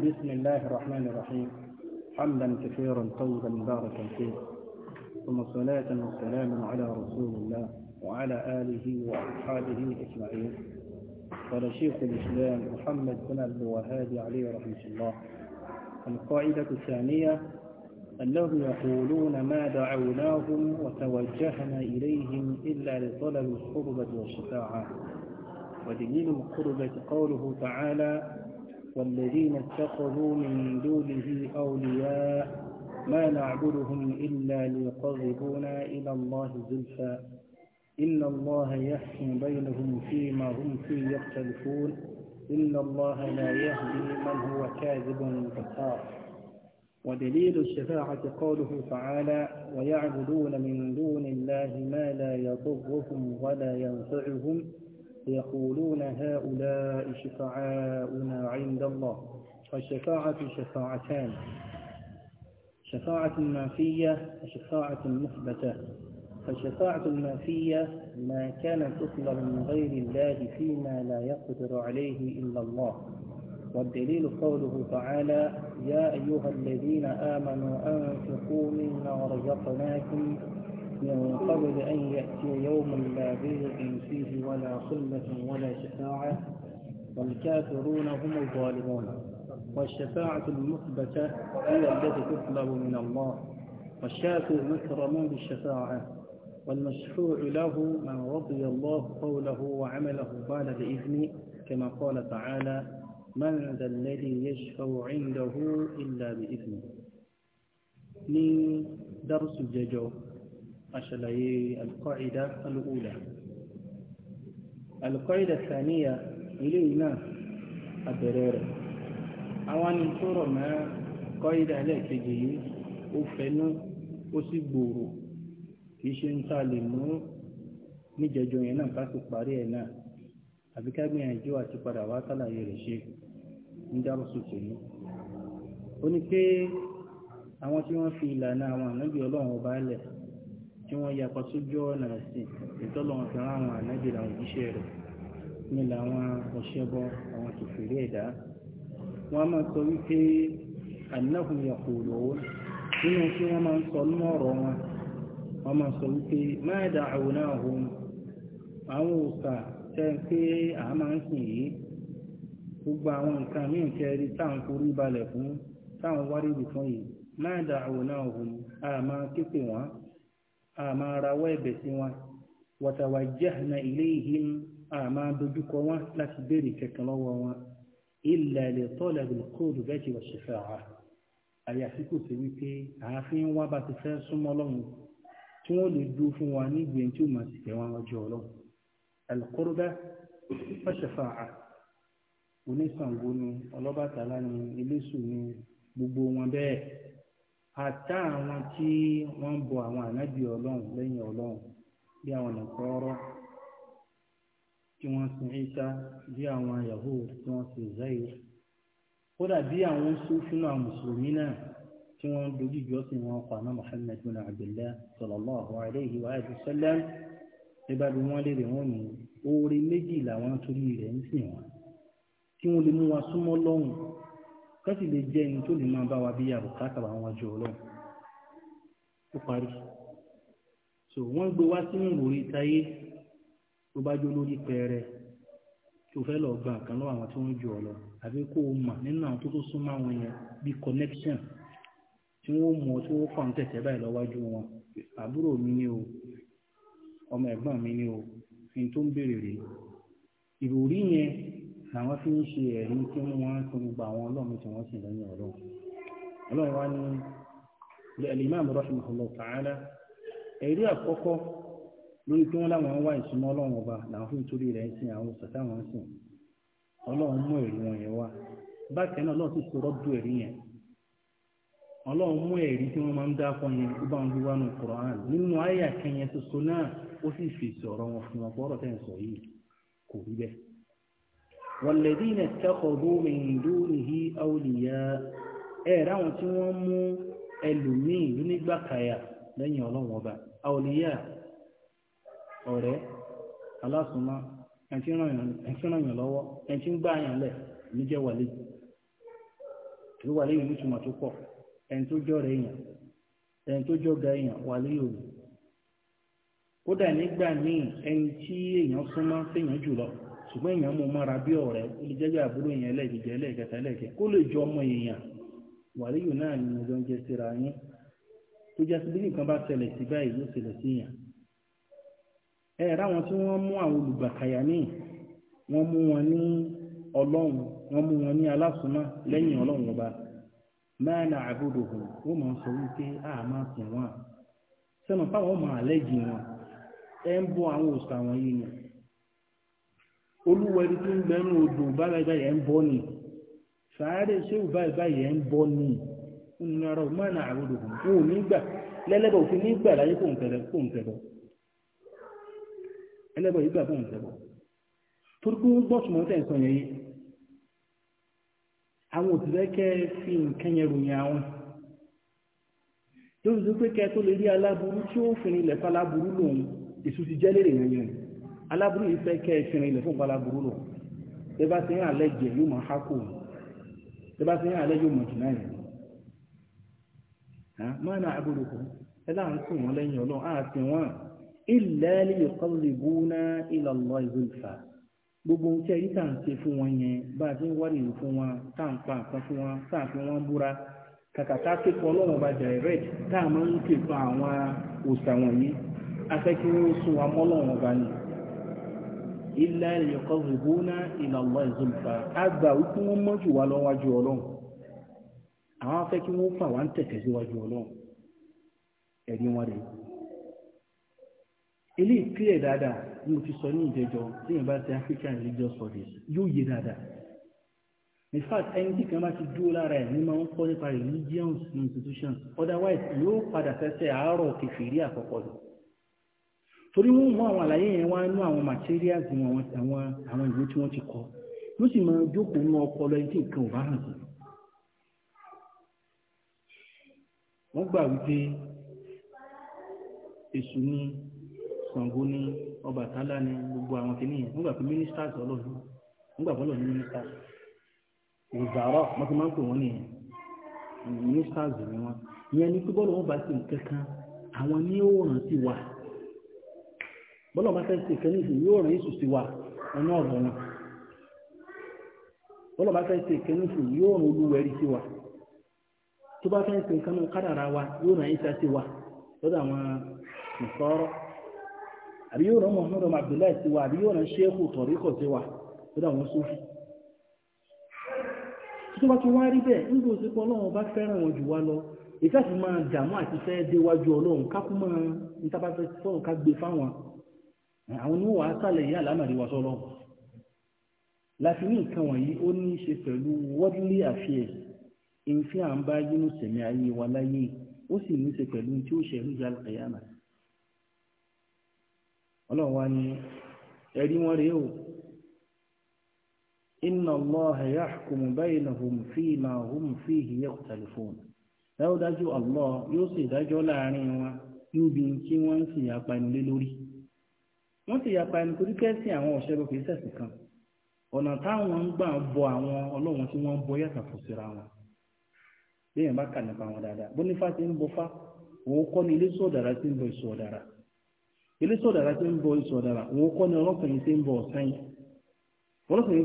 بسم الله الرحمن الرحيم حمدا كثيرا طيبا مباركا فيه ثم صلاة وسلام على رسول الله وعلى آله وأصحابه أجمعين قال شيخ الإسلام محمد بن عبد الوهاب عليه رحمه الله القاعدة الثانية أنهم يقولون ما دعوناهم وتوجهنا إليهم إلا لطلب القربة والشفاعة ودليل القربة قوله تعالى والذين اتخذوا من دونه أولياء ما نعبدهم إلا ليقربونا إلى الله زلفى إن الله يحكم بينهم فيما هم فيه يختلفون إن الله لا يهدي من هو كاذب كفار ودليل الشفاعة قوله تعالى ويعبدون من دون الله ما لا يضرهم ولا ينفعهم يقولون هؤلاء شفعاؤنا عند الله فالشفاعة شفاعتان شفاعة منفية وشفاعة مثبتة فالشفاعة المنفية ما كانت تطلب من غير الله فيما لا يقدر عليه إلا الله والدليل قوله تعالى يا أيها الذين آمنوا أنفقوا مما رزقناكم من قبل أن يأتي يوم لا بيع فيه ولا خلة ولا شفاعة والكافرون هم الظالمون والشفاعة المثبتة هي التي تطلب من الله والشافع مكرم بالشفاعة والمشفوع له من رضي الله قوله وعمله بعد بإذنه كما قال تعالى من ذا الذي يشفع عنده إلا بإذنه من درس الججوب أشلي القاعدة الأولى القاعدة الثانية إلينا الدرارة أوان انتظر ما قاعدة عليك جي وفنو وسيبورو kìí ń ta lè mú níjẹjọ yẹn náà ká sì parí ẹ̀ náà àbí ká gbìyànjú àti padà wá sálàyé rẹ̀ ṣe ń dárúsù tèmi ó ní pé àwọn tí wọ́n fi ìlànà àwọn ànábì ọlọ́run ọba lẹ̀ tí wọ́n yapa sójú ọ̀nà sí ìtọ́lọ́wọ́n fi rán àwọn ànábì làwọn òjíṣẹ́ rẹ̀ ní làwọn ọ̀ṣẹ́bọ àwọn kìfìrí ẹ̀dá wọ́n máa sọ wípé nínú tí wọ́n máa ń sọ nínú ọ̀rọ̀ wọn wọ́n máa sọ wípé ma da'awnahum àwọn tẹ́ pé à máa ń sìn yìí gbogbo àwọn nǹkan míì kẹrí táwọn forí balẹ̀ fún táwọn wárí fún yìí ma da'awnahum àmà wọn àmà rawọ́ ẹ̀bẹ̀ sí wọn watawajjahna ilayhim àmà dojúkọ wọn láti béèrè kẹkàn lọ́wọ́ wọn illa li talabil qudbati wa shafa'a àyàfi kò sí wípé àáfin wá bá ti fẹ́ súnmọ́ lọ́hùn tí wọ́n lè dúró fún wa ní ìgbìyànjú tí ó máa sì wọn ọjọ́ ọlọ́hùn al-qurba wa onísàngó ni ọlọ́bàtálá ni eléṣù ni gbogbo wọn bẹ́ẹ̀ àtá àwọn tí wọ́n ń bọ àwọn ànábì ọlọ́run lẹ́yìn ọlọ́run bí àwọn nàkọ́rọ́ tí wọ́n sin Isa bí àwọn Yahoo tí wọ́n sin Zaire kódà bí àwọn sófin àwọn mùsùlùmí náà tí wọ́n ń dojú ìjọsìn wọn pa náà Muhammad bin Abdullah sallallahu alayhi wa sallam nígbà bí wọ́n lè rè wọ́n ní oore méjì làwọn torí rẹ̀ ń sìn wọn kí wọ́n lè mú wa súnmọ́ lọ́hùn kẹ́sì lè jẹ́ ẹni tó lè máa bá wa bí àbùkátà àwọn ọjọ́ ọlọ́run ó parí so wọ́n gbé wá sínú ìròrí táyé tó bá jó lórí pẹrẹ tó fẹ́ lọ gba nǹkan lọ́wọ́ àwọn tí wọ́n jù ọ lọ àbí kó o mà nínú àwọn tó tó súnmọ́ àwọn yẹn bí connection tí wọ́n mọ̀ tí wọ́n fà ń tẹ̀tẹ̀ báyìí lọ́wájú wọn àbúrò mi ni o ọmọ ẹ̀gbọ́n mi ni o fi tó ń béèrè rèé ìròrí yẹn làwọn fi ń ṣe ẹ̀rí tí wọ́n ń tún gba àwọn ọlọ́run tí wọ́n sì lẹ́yìn ọlọ́run ọlọ́run wá ní al-imam rahimahullahu ta'ala ẹ̀rí àkọ́kọ́ lórí tí wọ́n láwọn wá ọlọ́run fi rẹ̀ ń àwọn sàtà wọn sìn ọlọ́run mú ẹ̀rí wọn yẹn wá bákan náà ọlọ́run sì rọ́dù ẹ̀rí yẹn ọlọ́run mú ẹ̀rí tí wọ́n máa ń wàlẹ̀dínà tẹ́kọ̀ọ́bù mẹ́hìndú nìhí àwòlìyà ẹ̀ ráwọn tí wọ́n mú ẹlòmíì nígbàkàyà lẹ́yìn ọlọ́wọ́n ọba àwòlìyà ọ̀rẹ́ alásùnmá ẹ̀ńtí ràn yàn lọ́wọ́ ẹ̀ńtí ń gbà yàn lẹ̀ ní jẹ́ wàlẹ́ tó wàlẹ́ yìí nítumọ̀ tó pọ̀ ẹ̀ń tó jọ rẹ̀ yàn ẹ̀ń tó jọ ga yàn wàlẹ́ yìí òní kódà nígbà míì ẹni tí èèyàn súnmọ́ séèyàn jùlọ ṣùgbọ́n èèyàn mú mọ́ra bí ọ̀rẹ́ ó lè jẹ́jẹ́ àbúrò èèyàn ẹlẹ́ẹ̀kẹjẹ ẹlẹ́ẹ̀kẹta ẹlẹ́ẹ̀kẹ kó lè jọ ọmọ èèyàn wàlíyù náà ni mo jọ ń jẹ síra yín tó jẹ́ bá ṣẹlẹ̀ sí báyìí yóò ṣẹlẹ̀ sí yàn. ẹ ẹ̀ ráwọn tí mú àwọn olùgbàkàyà míì wọn ní ọlọ́run wọn ní alásùnmá lẹ́yìn ọba máa ń a olúwa ẹni tó ń gbẹnu odò báyìí báyìí ẹ̀ ń bọ́ ni sàárè ṣéwù báyìí báyìí ẹ̀ ń bọ́ ni ńnara ọmọ náà àròdò kò ń ò ní gbà lẹ́lẹ́bọ̀ òfin ní gbà láyé kò ń tẹ̀lẹ̀ kò ń tẹ̀lọ̀ ẹlẹ́bọ̀ yìí gbà kò ń tẹ̀lọ̀ torí pé ó gbọ́sùn mọ́tẹ́ nǹkan yẹn yìí àwọn òtítẹ́ kẹ́ fi nǹkan yẹn ròyìn àwọn lórí tó pé kẹ́ tó lè rí aláburú tí ó fi ní ilẹ̀ faláburú lòun èso ti jẹ́ lérè aláburú yìí fẹ́ kẹ́ ìfìrin ilẹ̀ fún gbalaburú lò tẹ bá ti ń alẹ́ jẹ yóò mọ̀ hákò tẹ bá ti ń alẹ́ yóò mọ̀ jù náà yẹn máa náà àbúrò kù ẹ láà ń sùn wọn lẹ́yìn ọlọ́run á ti wọ́n ilẹ̀ lè yuqarribuna ila Allah zulfa gbogbo ohun tí ẹ̀rí tà ń ṣe fún wọn yẹn bá a ti ń wárí ìlú fún wọn tá à ń pa nǹkan fún wọn tá à fi wọn búra kàkà tá ọlọ́run ọba direct tá a máa ń ké àwọn òòsà wọ̀nyí afẹ́kí sún wa mọ́ ọba ni illa liyuqarribuna ila Allah zulfa àgbà wípé wọ́n mọ́ jù wá lọ́wájú ọlọ́run àwọn afẹ́ kí wọ́n fà wá ń tẹ̀tẹ̀ síwájú ọlọ́run ẹ̀rí wọn rẹ̀ ilé ìpìlẹ̀ dáadáa ni mo ti sọ ní ìjẹjọ tí yẹn bá ti African religious studies yóò yé dáadáa in fact ẹni tí kan bá ti dúró lára ẹ̀ ní máa ń kọ́ nípa religions institutions otherwise yóò padà fẹsẹ̀ àárọ̀ kẹfìrí àkọ́kọ́ lọ torí wọ́n mú àwọn àlàyé yẹn wá nú àwọn materials wọn àwọn àwọn ìwé tí wọ́n ti kọ ló sì máa jókòó nú ọpọlọ ẹni tí nǹkan ò bá hàn sí. wọ́n gbà wípé èṣù ni Ṣàngó ni Ọbàtálá ni gbogbo àwọn kìnìyàn wọ́n gbà pé ministers ọlọ́run wọ́n gbà bọ́lọ̀ ní ministers ìzàrọ̀ wọ́n ti máa ń pè wọ́n nìyẹn ministers ni wọ́n ìyẹn ni pé bọ́lọ̀ wọn bá sí nǹkan kan àwọn ní òòrùn ti wà. bọ́lọ̀ bá fẹ́ ṣe yóò rìn wa ọnụ ọ̀gbọ̀n náà bọ́lọ̀ bá fẹ́ ṣe yóò rìn olúwẹ̀rí sí wa tó bá wa yóò rìn ìsà sí wa lọ́dọ̀ àwọn ìfọ́rọ́ àbí yóò rán Muhammadu Abdullahi sí wa àbí yóò tọ̀ríkọ̀ wa lọ́dọ̀ àwọn sófì ìfẹ́ máa àti fẹ́ déwájú ọlọ́run ká kú máa ń gbé àwọn ni wọ́n wà á sálẹ̀ yìí àlámàrí wa sọ́lọ́ láti ní nǹkan wọ̀nyí ó ní í ṣe pẹ̀lú worldly affairs ìfi à ń bá yínú sẹ̀mí ayé wa láyé ó sì ní í ṣe pẹ̀lú tí ó ṣẹlú ìyá àyàmà ọlọ́run wa ni ẹ̀rí wọn rèé o inna allaha yahkumu baynahum fima hum fihi yakhtalifun dáwọ́dájú allah yóò ṣèdájọ́ láàrin wọn níbi tí wọ́n ń sìn apanilé lórí. wọ́n ti yapa ẹni torí kẹ́sì àwọn ọ̀ṣẹ́gun kì í ṣẹ̀sìn kan ọ̀nà táwọn ń gbà bọ àwọn ọlọ́run tí wọ́n ń bọ yàtọ̀ fò síra wọn bá kà nípa wọn dáadáa bó ti ń bọ kọ́ ni iléeṣẹ́ ọ̀dàrà ti ń bọ ọ̀dàrà iléeṣẹ́ ọ̀dàrà ti kọ́ ni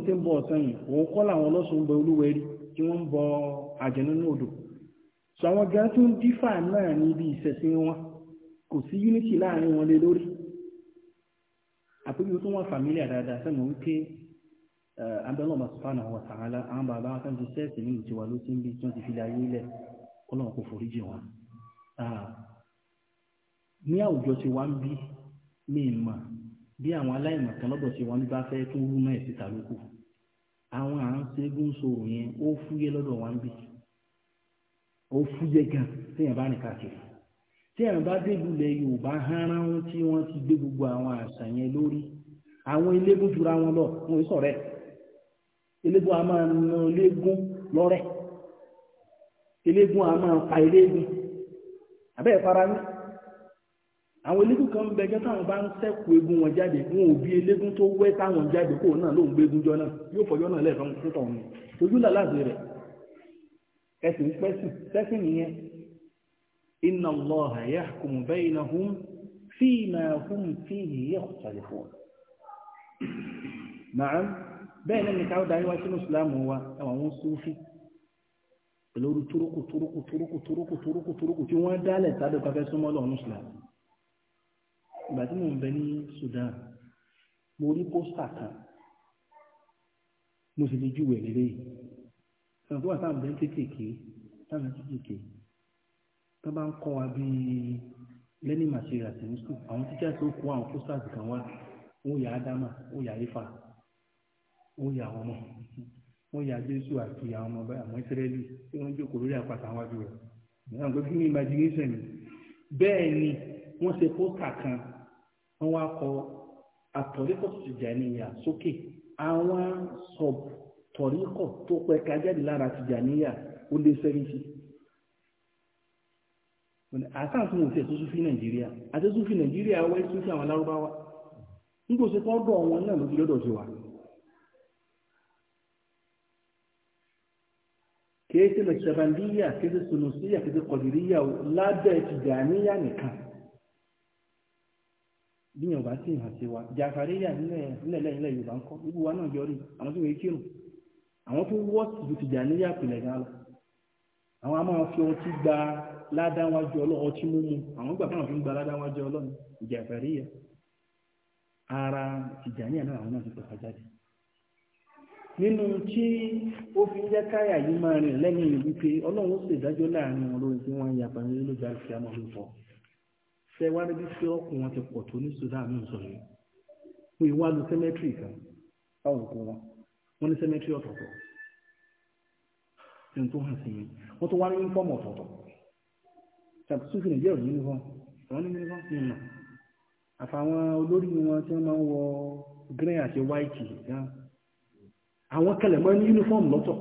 ti ń bọ yìí àpébí tó wọ́n fàmílíà dáadáa sẹ́nu wípé abẹ́lọ́mà subhanahu wa ta'ala àwọn bàbá akẹ́kọ̀ọ́ ti sẹ́ẹ̀sì nínú tiwa ló ti ń bí tí wọ́n ti fi láyé lẹ̀ kọ́lọ́wọ́n kò forí jì wọn. ní àwùjọ tí wọ́n ń bí mí mọ̀ bí àwọn aláìmọ̀ kan lọ́dọ̀ tí wọ́n bá fẹ́ tún rú mẹ́ẹ̀ síta lóko àwọn à ń ṣẹ́gun sòrò yẹn ó fúyẹ́ lọ́dọ̀ wọn bí ó fúyẹ́ gan téèyàn bá rìn káàkiri tí ẹ̀ ń bá débùlẹ̀ yorùbá hánra wọn tí wọ́n ti gbé gbogbo àwọn àṣà yẹn lórí àwọn eléégún jura wọn lọ wọn ò sọ̀rẹ́ eléégún a máa na eléégún lọ́rẹ́ eléégún a máa pa eléégún àbẹ́ ìpara ní àwọn eléégún kan bẹ jẹ́ táwọn bá ń sẹ́kù eégún wọn jáde wọn ò bí eléégún tó wẹ́ táwọn jáde kó náà ló ń gbégún jọ náà yóò fọjọ́ náà lẹ́ẹ̀kan fún tọ̀hún ojú làlá ẹ̀sìn pẹ́sìn sẹ́sìn nìyẹn inna Allaha yahkumu baynahum fima hum fihi yakhtalifun naam bẹ́ẹ̀ náà nìkan ó darí wá sínú ìsìláàmù wa àwọn Sufi pẹ̀lú turuku turuku turuku turuku turuku turuku tí wọ́n dálẹ̀ sáré pàfẹ́ súnmọ́ lọ́nà ìsìláàmù ìgbà tí mò ń bẹ ní Sudan mo rí pósítà kan mo sì lè júwèé lélẹ́yìí sọ̀rọ̀ tó wà táwọn bẹ́ẹ̀ kéékèèké táwọn kéékèèké tó bá ń kọ́ wa bíi learning materials ní sùn àwọn tíjà tó kó àwọn posters kan wá ó yà ádámà ó yà ifá ó yà àwọn ọmọ ó yà jésù àti àwọn ọmọ àwọn ìsírẹ́lì tí wọ́n jókòó lórí àpáta àwọn àjò rẹ̀ àwọn pé fún mi imagination ni bẹ́ẹ̀ ni wọ́n ṣe pósítà kan wọ́n wá kọ àtọ̀ríkọ̀ tìjàníyà sókè àwọn sọ̀tọ̀ríkọ̀ tó pẹ́ kájáde lára tìjàníyà ó lé sẹ́yìn sí i àtàkùn òfin ẹ̀tọ́ sófin nàìjíríà àti sófin nàìjíríà wẹ́ sófin àwọn alárúbáwá nígbò sí kọ́ńdọ̀ wọn náà ló fi lọ́dọ̀ sí wa kéèké lè ṣàbàndíyà kéèké sunusíyà kéèké kọ̀dìríyà lábẹ́ tìjàníyà nìkan bí yẹn ò bá sì hàn sí wa jàfàríyà nílẹ̀ lẹ́yìn lẹ́yìn yorùbá ń kọ́ gbogbo wa náà yọrí àwọn tó wọ́n kírun àwọn tó wọ́ ju tìjàníyà pìlẹ̀ gan lọ àwọn a máa fi ọtí gba ládáwájú ọlọ́run ọtí mímu àwọn gbà fáwọn fi ń gba ládáwájú ọlọ́run ìjàfàríyà ara ìjànìyà náà àwọn náà ti pẹ̀ka jáde nínú tí ó fi ń jẹ́ káyà yìí máa rìn lẹ́yìn wípé ọlọ́run ó sì dájọ́ láàrin wọn lórí tí wọ́n ń àti àmọ́ ló fọ́ níbi tí ọkùnrin wọn sàbùsùfì nìjẹ́ ò uniform àwọn ní uniform ti mọ̀ àfàwọn olórí wọn tí wọ́n máa ń wọ green àti white gan àwọn kẹlẹ̀ mọ́ ní uniform lọ́tọ̀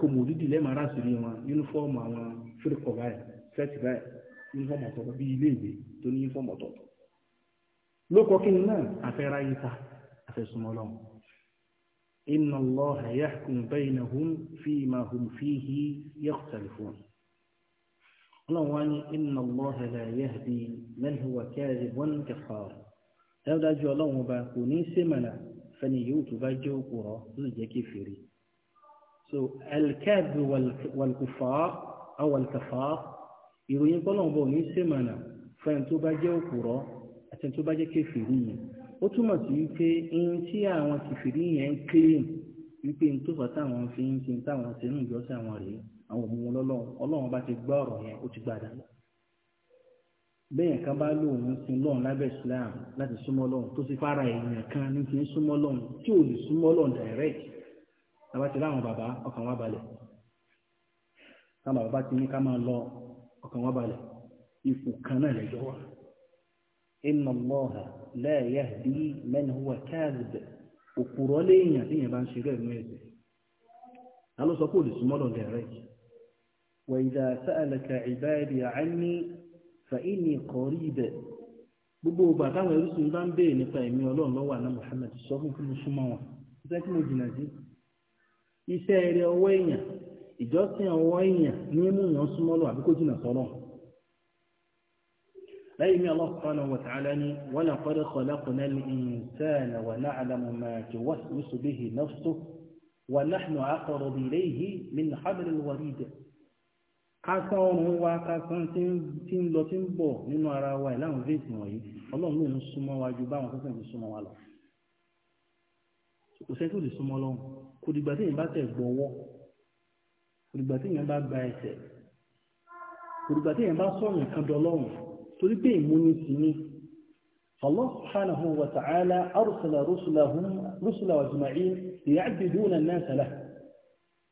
wọn uniform àwọn báyìí fẹ́ẹ̀tì báyìí uniform ọ̀tọ̀ bí ilé ìwé tó ní uniform kí ni náà àfẹ́ra yìí ta àfẹ́sùnmọ́ inna hum ọlọ́wọ́n inna Allaha la yahdi man huwa kadhibun kafar dájúdájú ọlọ́run ọba kò ní sèmànà fẹ́ni yóò tó bá jẹ́ òkúrọ̀ tó sì jẹ́ kèfèrí so alkaadu walkufar awalkafar ìròyìn kọ́lọ̀ ọba ò ní sèmànà fẹ́ni tó bá jẹ́ òkúrọ̀ àti tó bá jẹ́ kèfèrí yẹn ó túmọ̀ sí wípé ihun tí àwọn kèfèrí yẹn ń kílìm wípé n táwọn fi ń sin táwọn sínú ìjọsìn àwọn rèé àwọn ohun ọlọ́run ọlọ́run bá ti gbọ́ ọ̀rọ̀ yẹn ó ti gbàdá lọ bẹ́ẹ̀ kan bá lóun sin lọ́run lábẹ́ islam láti súnmọ́ lọ́run tó ti fara èèyàn kan ní fi ń súnmọ́ lọ́run tí ò lè súnmọ́ lọ́run direct tàbá ti láwọn bàbá ọkàn wa balẹ̀ táwọn bàbá ti ní ká máa lọ ọkàn wa balẹ̀ ipò kan náà lẹ́jọ́ wa huwa léèyàn bá ń ta وإذا سألك عبادي عني فإني قريب gbogbo ọgbà táwọn ẹrú sinmi bá ń béèrè nípa ẹ̀mí ọlọ́run lọ́wọ́ àná Muhammad sọ fún kí mo súnmọ́ wọn iṣẹ́ tí mo jìnnà sí iṣẹ́ rẹ ọwọ́ èèyàn ìjọsìn ọwọ́ èèyàn ní mú yàn súnmọ́ lọ àbí kó jìnnà sọ́nà. lẹ́yìn mi Allah subhanahu wa ta'ala ni wa laqad khalaqna al-insana wa na'lamu ma tuwaswisu bihi nafsuhu wa nahnu aqrabu ilayhi min hablil warid kásán ọrùn wa kásán tí ń lọ tí ń bọ̀ nínú ara wa ẹ̀ láwọn fèsì wọ̀nyí ọlọ́run ló ń súnmọ́ wa ju báwọn sẹ́sẹ̀ ti súnmọ́ wa lọ. kò sẹ́sẹ̀ ò lè súnmọ́ lọ́hùn kò dìgbà tí èèyàn bá tẹ̀ gbọ́wọ́ kò dìgbà tí èèyàn bá gba ẹsẹ̀ kò dìgbà tí èèyàn bá sọ̀rọ̀ nǹkan torí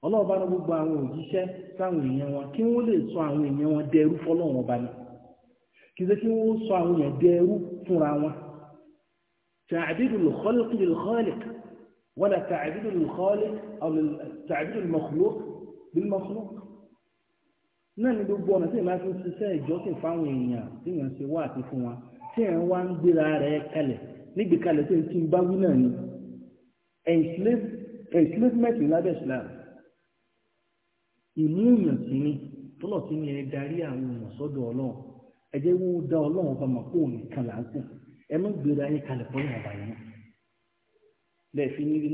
ọlọ́ọ̀bá ní gbogbo àwọn òjíṣẹ́ sáwọn èèyàn wọn kí wọ́n lè sọ àwọn èèyàn wọn dẹrú fọlọ́wọ́n ọba ni kì í ṣe kí wọ́n sọ àwọn èèyàn dẹrú fúnra wọn. تعبيد الخلق للخالق ولا تعبيد الخالق أو تعبيد المخلوق بالمخلوق náà ni gbogbo ọ̀nà tí èèyàn máa fi ń ṣiṣẹ́ ìjọsìn fáwọn èèyàn tí èèyàn ṣe wá àti fún wa tí èèyàn wá ń gbéra rẹ̀ kalẹ̀ nígbè kalẹ̀ tí ń bá wí náà ni enslavement in labẹ́ islam ìmúyàn sí ni tọ́lọ̀ sí ni ẹ darí àwọn ọmọ sọ́dọ̀ ọlọ́run ẹ jẹ́ wọ́n dá ọlọ́run ọba mọ̀ kó nìkan là ń sìn ẹ ní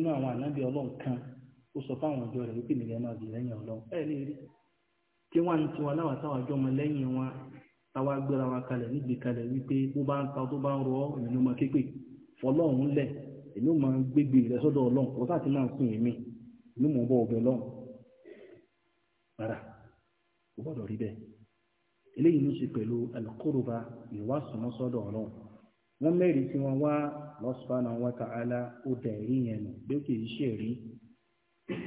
kan ó sọ fáwọn ọjọ́ rẹ̀ wípé nìyẹn máa bì lẹ́yìn ọlọ́run ẹ lè rí tí wọ́n ti wọn láwọn táwọn lẹ́yìn wọn kalẹ̀ níbi kalẹ̀ wípé rárá kò gbọ́dọ̀ rí bẹ́ẹ̀ eléyìí ní ṣe pẹ̀lú alukóroba ìwásùnmọ́ sọ́dọ̀ ọlọ́run wọ́n mẹ́rin tí wọ́n wá lọ́sùpánà wa ta'ala ó dà ẹ̀rí yẹn nù bí ó kì í ṣe rí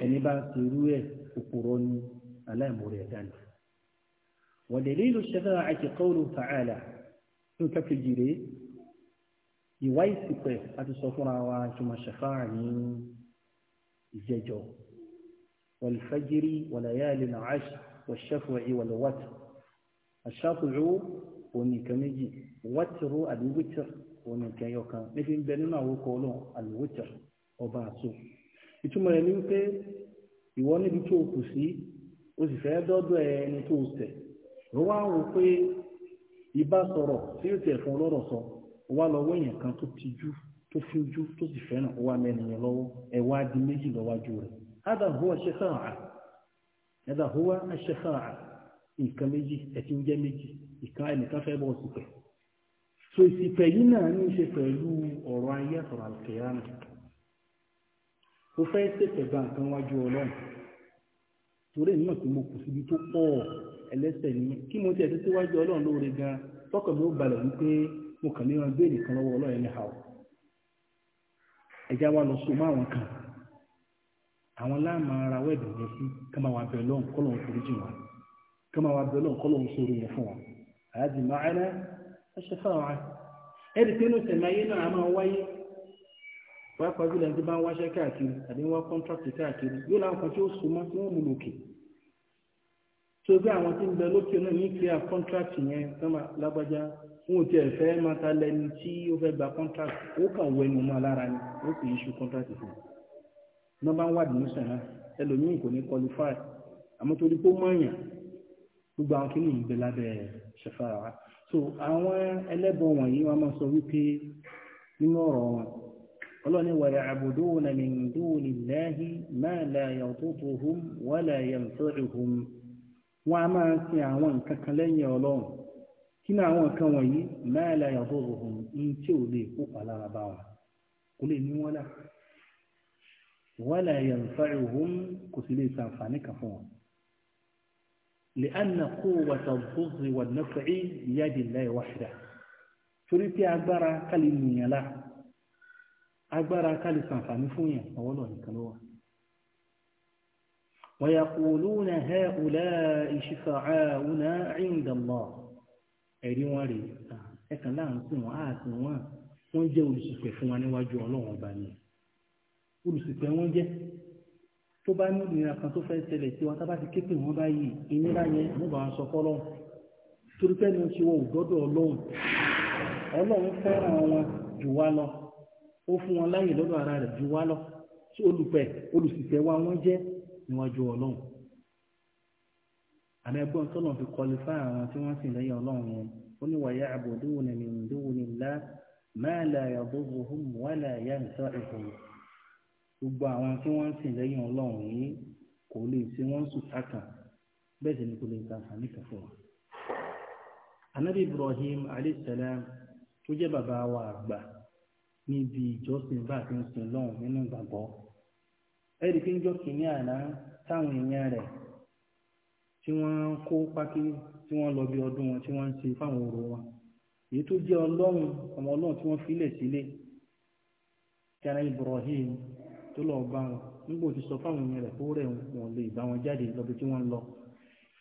ẹni bá ti rú ẹ̀ òpòrọ́ ní aláìmọ̀rẹ́ ẹ̀dá ni. wa dalilu shafa'ati qawlu ta'ala nǹkan kejì rèé ìwá ìsìpẹ̀ àti wa والفجر وليال العشر والشفع والوتر الشفع ونكمجي وتر الوتر ونكيوكا نفين بيننا وقولون الوتر وباسو ìtumọ̀ rẹ̀ ní wípé ìwọ níbi tó kù sí o sì fẹ́ dọ́dọ̀ ẹni tó tẹ̀ ló wá wò pé ìbá sọ̀rọ̀ tí ó tẹ̀ fún ọlọ́rọ̀ sọ wá lọ́wọ́ èèyàn kan tó tijú tó fi ojú tó sì fẹ́ràn wá mẹ́rin lọ́wọ́ ẹ̀ wá di méjì lọ́wájú rẹ̀ هذا هو الشفاعة هذا هو الشفاعة ìkàméjì ẹ̀tí ń jẹ́ méjì ìka ẹnìkan fẹ́ bọ́ so ìsìpẹ̀ yìí náà ní í ṣe pẹ̀lú ọ̀rọ̀ ayé àtọ̀rọ̀ àlùkìyàmù ó fẹ́ ṣèpẹ̀ gba nǹkan wájú ọlọ́run torí èmi náà tí mo kù síbi tó pọ̀ ẹlẹ́sẹ̀ ní kí mo tiẹ̀ títí wájú àwọn láàmà ara wẹ́ẹ̀dùn yẹn sí ká máa wà bẹ̀ lọ́n kọ́lọ̀ òforíjì wọn ká máa wà bẹ̀ lọ́n kọ́lọ̀ òṣòro yẹn fún wọn àyájí máa ẹ̀rẹ́ ẹṣẹ́ fáwọn ẹ̀rì pé inú sẹ̀mí ayé náà a máa wáyé wáá pàbí lẹ́yìn tí bá ń wáṣẹ́ káàkiri àbí wá kọ́ńtrákì káàkiri yóò láwọn kan tí ó so mọ́ tí wọ́n mú lòkè tó bí àwọn tí ń bẹ lókè náà ní clear contract yẹn sọ́mà lágbájá wọn ò tiẹ̀ fẹ́ máa ta lẹ́ni tí ó fẹ́ gba contract ó kàn wọ mọ́ alára ni ó sì ń ṣu contract fún un. ní bá ń wá admission hàn ẹlòmíì kò ní qualify àmọ́ torí pé ó mọ̀ọ́yàn gbogbo àwọn kìíní ń so àwọn ẹlẹ́bọn wọ̀nyí wọn máa sọ wípé nínú wọn wa ya'buduna min dunillahi ma la yadurruhum wa la yanfa'uhum wọn a máa sin àwọn nǹkan kan lẹ́yìn ọlọ́run kí ni àwọn nǹkan wọ̀nyí ma la yadurruhum ní tí ò lè kópa lára bá wọn kò lè ní wọn wala yanfa'uhum kò sí lè ṣàǹfààní kan fún wọn. لأن قوة الضر والنفع بيد الله وحده torí pé agbára kálí nìyàn lá agbára kálí ṣàǹfààní fún yàn ọwọ́ lọ nìkan ló wà. ويقولون هؤلاء شفعاؤنا عند الله ẹ̀rí wọn rèé ẹ̀kan láàrín sí wọn àti wọn wọ́n jẹ́ olùṣèpẹ̀ fún wa níwájú ọlọ́run ọba ni. olùsìpẹ̀ wọn jẹ́ tó bá ní ìnira kan tó fẹ́ tẹ̀lẹ̀ tí wọn tá bá ti képe wọn báyìí ìnira yẹn bá wọn sọ fọlọ́hún torí pé wọn jù wá lọ ó fún wọn láyè lọ́dọ̀ lọ tí olùpẹ̀ wa wọn jẹ́ níwájú ọlọ́hún àmì ẹgbọ́n tọ́lọ̀ fi kọlifá àwọn tí wọ́n sì lẹ́yìn ọlọ́run wọn gbogbo àwọn tí wọ́n ń sìn lẹ́yìn ọlọ́run yìí kò lè ṣe wọ́n sùn bẹ́ẹ̀ ni kò lè ta àǹfààní kan wa. anabi ibrahim alayhisalaam tó jẹ́ bàbá wa àgbà níbi ìjọsìn bá a ti ń sìn lọ́run nínú ìgbàgbọ́ ẹ̀rí pé ń jọ́ kìíní àná táwọn èèyàn rẹ̀ tí wọ́n kó pákí tí wọ́n lọ bí ọdún wọn tí wọ́n ń ṣe fáwọn òru wọn èyí tó jẹ́ ọlọ́run ọmọ ọlọ́run tí wọ́n tó lọ bá wọn nígbà tí sọ fáwọn èèyàn rẹ̀ kó rẹ̀ wọn lè bá wọn jáde tí wọ́n lọ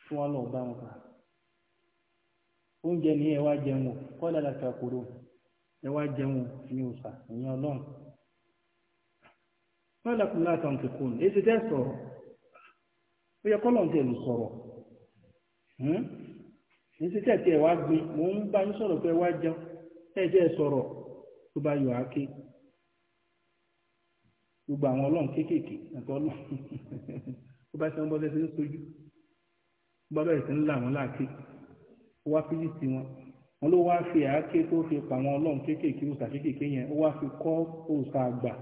fún wọn lọ bá wọn kà oúnjẹ ní ẹwà jẹun kọ́lá láti àkóró ẹwà jẹun ní òòsà ìyẹn ọlọ́run èsì ó yẹ hmm? èsì wá gbé mò ń bá yín gbogbo àwọn ọlọ́run kéékèèké àti ọlọ́run ó bá ṣe wọn bọ́sẹ̀ sí ń sojú ó bá bẹ̀rẹ̀ sí ń là wọn láàké ó wá fíjìtì wọn wọn ló wá fi àáké tó fi pa àwọn ọlọ́run kéékèèké òòṣà kéékèèké yẹn ó wá fi kọ́ òòṣà àgbà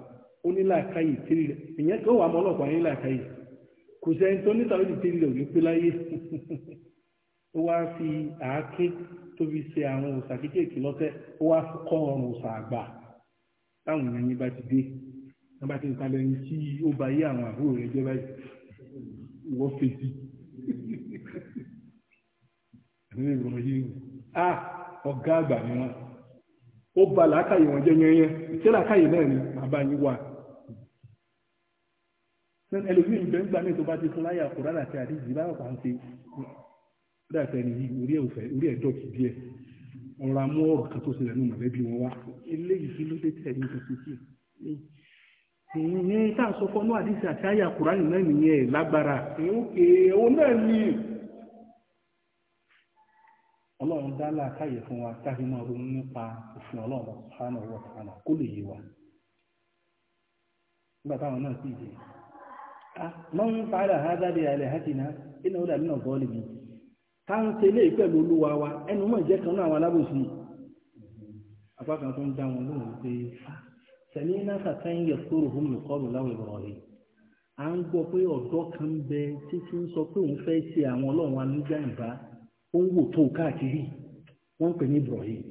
ó ní làákàyè tírì rẹ̀ ìyẹn tó wà mọ́ ọlọ́pàá ní làákàyè kò sẹ́ni tó níta lójú tírì rẹ̀ ò pé láyé ó wá fi àáké tó fi ṣe àwọn òòṣà kéékèèké lọ́tẹ̀ ó wá kọ́ ọrùn òòṣà àgbà táwọn èèyàn yín bá ti dé wọ́n bá ti ń talẹ̀ ní tí ó bá yé àwọn àbúrò rẹ̀ jẹ́ báyìí wọ́n fèsì àmì ìrọ̀rọ̀ yìí à ah! ọ̀gá àgbà ni wọ́n ó ba làákàyè wọn jẹ́ yẹnyẹn tí làákàyè náà ni bàbá yín wà ẹlòmíì ìgbẹ́ ń gbà mí tó bá ti fún láyà kùránà àti àdíjì báwọn kan ṣe dáàtà ẹni yìí orí ẹ̀fẹ́ orí ẹ̀dọ́kì díẹ̀ ọ̀rọ̀ amú ọ̀rọ̀ kan tó ṣẹlẹ̀ nù mọ̀lẹ́bí wọn wá eléyìí kí ló dé tẹ̀ ní ìtọ́sí sí i ìyẹn tá à ń sọ fọ́nú àdìsí àti àyà kùránì náà nìyẹn lágbára òkè òun náà ni ọlọ́run dá fún wa káfí máa ronú nípa òfin ọlọ́run sánà ọwọ́ sánà kó lè yé wa nígbà táwọn náà sì máa ń ha ha iná ó mi táwọn ṣe olúwa wa ẹnu mọ̀ jẹ́ kan náà àwọn alábòsí apá kan wọn lóhùn pé na-aka yẹ sóró hùm nìkọ́nù láwọn ìrọ̀rẹ́ à ń gbọ́ pé ọ̀dọ́ kan bẹ títí ń sọ pé òun fẹ́ ṣe àwọn ọlọ́run anújàǹbá ó ń wò tó káàkiri wọ́n ń pè ní Ibrahim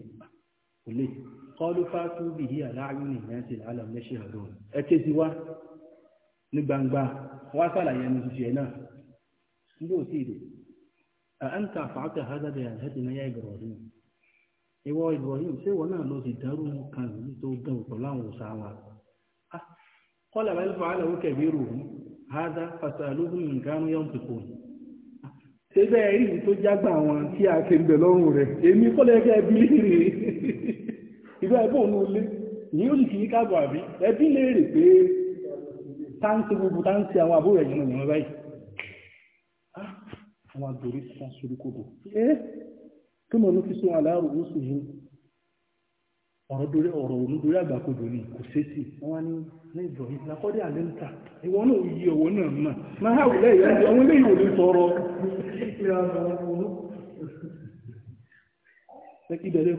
kò lè kọ́lù fáàtú bìí aláàyè nìyẹn ẹ wá ní gbangba wá sàlàyé ẹni náà ìdè à ń ta hádàbẹ̀ ìwọ Ibrahim ṣé ìwọ náà lọ sí dárú kan yìí tó dán pẹ̀lú àwọn òòṣà wa kọ́lá bá yẹn fọ àlọ́ òkè bí rò ó hádà fasaluhum nǹkan yọ̀ǹ pípọ̀ ṣé bẹ́ẹ̀ rí tó jágbà wọn tí a ṣe ń bẹ̀ lọ́rùn rẹ̀ èmi kọ́lẹ̀ ẹgbẹ́ ẹbí rè é ìgbà ẹ̀bùn òun lé ní ó sì kì í káàbọ̀ àbí ẹbí lè pé táǹtì gbogbo táǹtì àwọn àbúrò ẹ̀yìn náà ní wọ́n báyìí àwọn àgbèrè sàn sórí kòkò túnmọ̀ ló fi sún aláàrù ó sùn yìí ọ̀rọ̀ olúdorí àgbàkodò ni kò wọ́n ní ní ìjọ yìí lakọ́dé náà yí ọwọ́ náà mà máa hà wùlẹ̀ ìyá ìjọ lè sọ̀rọ̀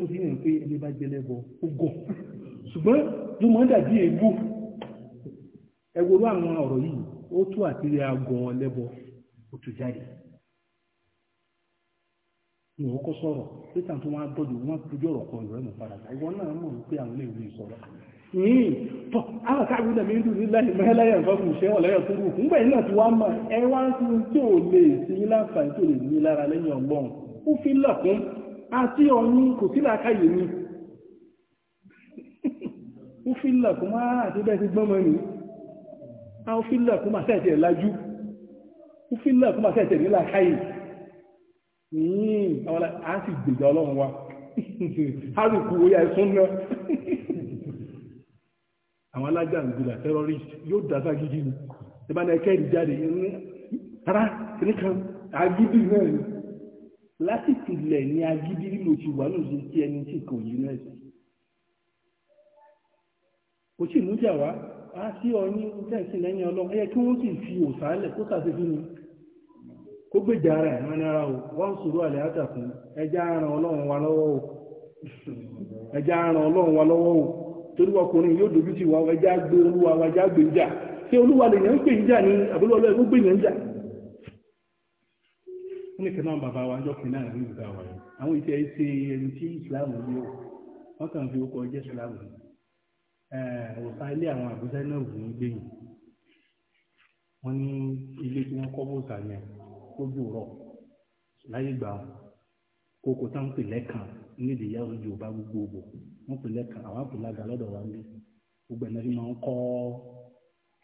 kó sí ẹni bá lẹ́bọ̀ ṣùgbọ́n ló mọ́ dàbí àwọn ọ̀rọ̀ ní òkú sọ̀rọ̀ pété àwọn tó wá dọ́jú wọn dojú ọ̀rọ̀ kan ìrọ̀lẹ́ padà tà ìwọ náà mọ̀ pé àwọn ilé ìwé sọ̀rọ̀ yìí tọ́ àwọn káàbí ilẹ̀ mi ń dùn nílẹ̀ ìmọ̀lẹ́ yẹn fún mi ṣẹ́ ọ̀lẹ́yọ̀ tó rù fún bẹ́ẹ̀ náà tí wọ́n mọ̀ ẹ wá ń sin tí ò lè sí ní láǹfààní tó lè ní lára lẹ́yìn ọgbọ́n ó fi lọ̀kún àti ọ̀yìn kò sí làákàyè mi ó fi lọ̀kún wá àti bẹ́ẹ̀ ti gbọ́n mọ́ mi á ó fi lọ̀kún máa tẹ̀tẹ̀ lájú ó fi lọ̀kún máa tẹ̀tẹ̀ ní làákàyè Hmm, a sì gbèjà ọlọ́run wa a sì kú oyà ẹ̀sùn náà àwọn alájà ìgbìlà terrorist yóò dáta gidi ni ìbáni ẹ̀kẹ́ ìjáde rárá nìkan agídí náà ni láti tilẹ̀ ni agídí lílo ti wà ní òṣèlú tí ẹni tí kò yìí náà sí kò sí ìmújà wá a sí ọ ní tẹ̀sí lẹ́yìn ọlọ́run ẹ̀yẹ kí wọ́n sì fi òsàálẹ̀ kó tàbí fi ni ó gbèjà ara ẹ̀ mọ́ni ara o wọ́n sùúrù àlẹ́ àtàkùn ẹja aràn ọlọ́run wa lọ́wọ́ o ẹja ara ọlọ́run wa lọ́wọ́ o torí ọkùnrin yóò dojú wa ẹja gbé olúwa wa ẹja gbé ṣé olúwa ń pè ń jà ní àbúrò ọlọ́run ló gbé ń jà. wọ́n ní bàbá wa ìgbà wa kójú rọ̀ láyé gbà kókó táwọn pè lẹ́kàn nídìí yá ojú ọba gbogbogbò wọ́n pè lẹ́kàn àwọn àpò lága lọ́dọ̀ wa ní gbogbo ẹ̀nà fi máa ń kọ́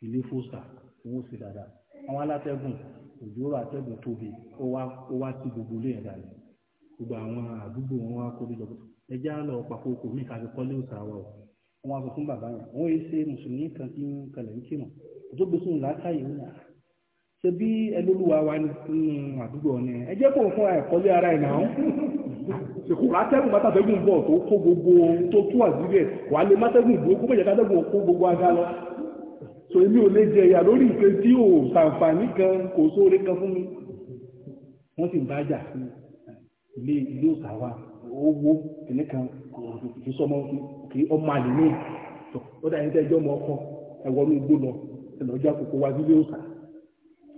ilé fòsà owó sí dáadáa àwọn alátẹ́gùn òjò rọ̀ àtẹ́gùn tóbi ó wá sí gbogbo ilé ẹ̀dá rẹ̀ gbogbo àwọn àdúgbò wọn wá kó lọ ẹjẹ́ á lọ pa kókó mi ká fi kọ́lé òsà wa o wọ́n wá sọ fún bàbá yẹn wọ́n yé ṣe mùsùlùmí kan tí ń kalẹ̀ ń kírun òjò gbèsè ńlá káyé ń yàrá ṣe bí ẹlòlúwa wa ní hmm, àdúgbò ní ẹ jẹ́ kó fún ara ẹ̀ na kò látẹ́gùn mátàtẹ́gùn bọ̀ tó kó gbogbo tó tú àdúgbò ẹ̀ wà lè mátẹ́gùn bó kó kó gbogbo aga lọ so èmi ò lè jẹ ìyà lórí ìpè tí ò sàǹfààní kan kò sóore kan fún mi sì ń ilé ilé òkà wa owó kò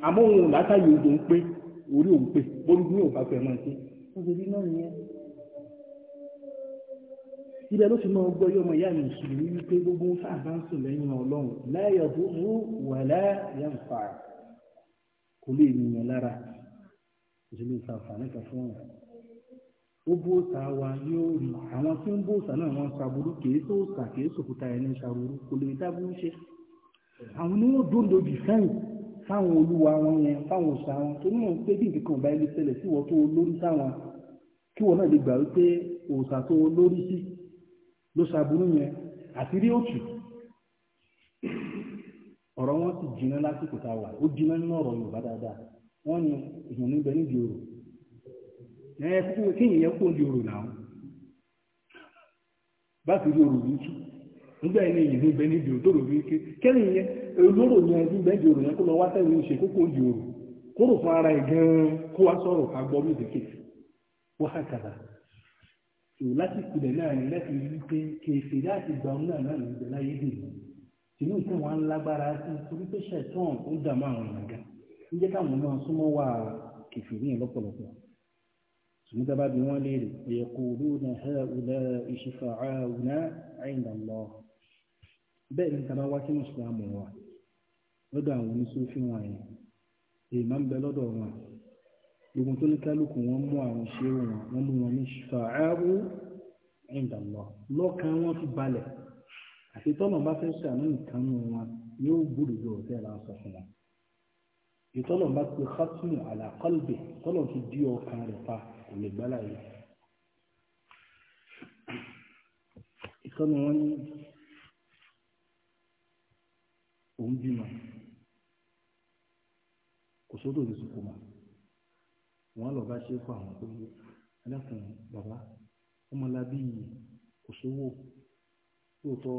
àmọ́ òun látàyè odò ń pé orí òun pé bórí ní òun bá fẹ́ máa ṣe ó ṣe rí náà nìyẹn. ilẹ̀ ló fi máa gbọ́ yọmọ ìyá mi ìṣèlú wípé gbogbo ń sáà bá ń sùn lẹ́yìn ọlọ́run láyọ̀ tó mú wàlá ń fà kò lè nìyẹn lára ìṣèlú ìsàǹfààní kan fún wọn ó bóòsà wa yóò rí àwọn tí ń bóòsà náà wọn ṣàbùrú kìí tó òsà kìí sòkúta ẹni ṣàbùrú kò lè dábúrú ṣe àwọn ni wọn dóńdó bì sẹ́yìn fáwọn olúwa wọn yẹn fáwọn òṣà wọn tó náà pé bí nǹkan ọba ẹni ṣẹlẹ̀ sí wọn tó lórí sáwọn kí wọn náà lè gbà wípé òòṣà tó lórí sí ló ṣàbùrú yẹn àti rí òtù ọ̀rọ̀ wọn ti jìnnà lásìkò tá a wà ó jìnnà nínú ọ̀rọ̀ Yorùbá dáadáa wọ́n ní èèyàn níbẹ̀ níbi òrò ẹ̀ nígbà yẹn ní ìlú bẹ níbi òdòdó bíi ké kẹ́rin yẹn olóró yẹn ẹbí bẹ́ẹ̀ di òrò yẹn kó lọ wá sẹ́yìn ṣe kókó di kóró fún ara ẹ̀ gan-an kó wá sọ̀rọ̀ ká gbọ́ bíi dèké wákàtàlà tò láti kulẹ̀ náà ní láti rí pé kèsì láti náà náà láyé dè mí lágbára sí torí pé ó àwọn ń káwọn náà wà ní wọn léèrè bẹ́ẹ̀ ni tàbá wá sínú ìsìlámù wa lọ́dọ̀ àwọn oníṣòfin wọn yẹn èyí máa ń bẹ lọ́dọ̀ wọn gbogbo tó ní kálukú wọn mú àwọn ṣéwù wọn wọn mú wọn ní ṣàárò ìdàlọ́ lọ́kàn wọn fi balẹ̀ àti tọ́nà bá fẹ́ ṣàánú nìkan nù wọn yóò gbúdò lọ ọ̀tẹ́ là ń sọ fún wọn ìtọ́nà bá pe khatmu ala qalbi tọ́nà ti di ọkàn rẹ̀ pa kò lè gbálà yìí ìtọ́nà wọn ní òun bímọ kò sódò ní sùkú mọ wọn lọ bá ṣe fún àwọn tó ń gbé ẹlẹ́kùn bàbá ọmọlábí yìí kò sówó lóòótọ́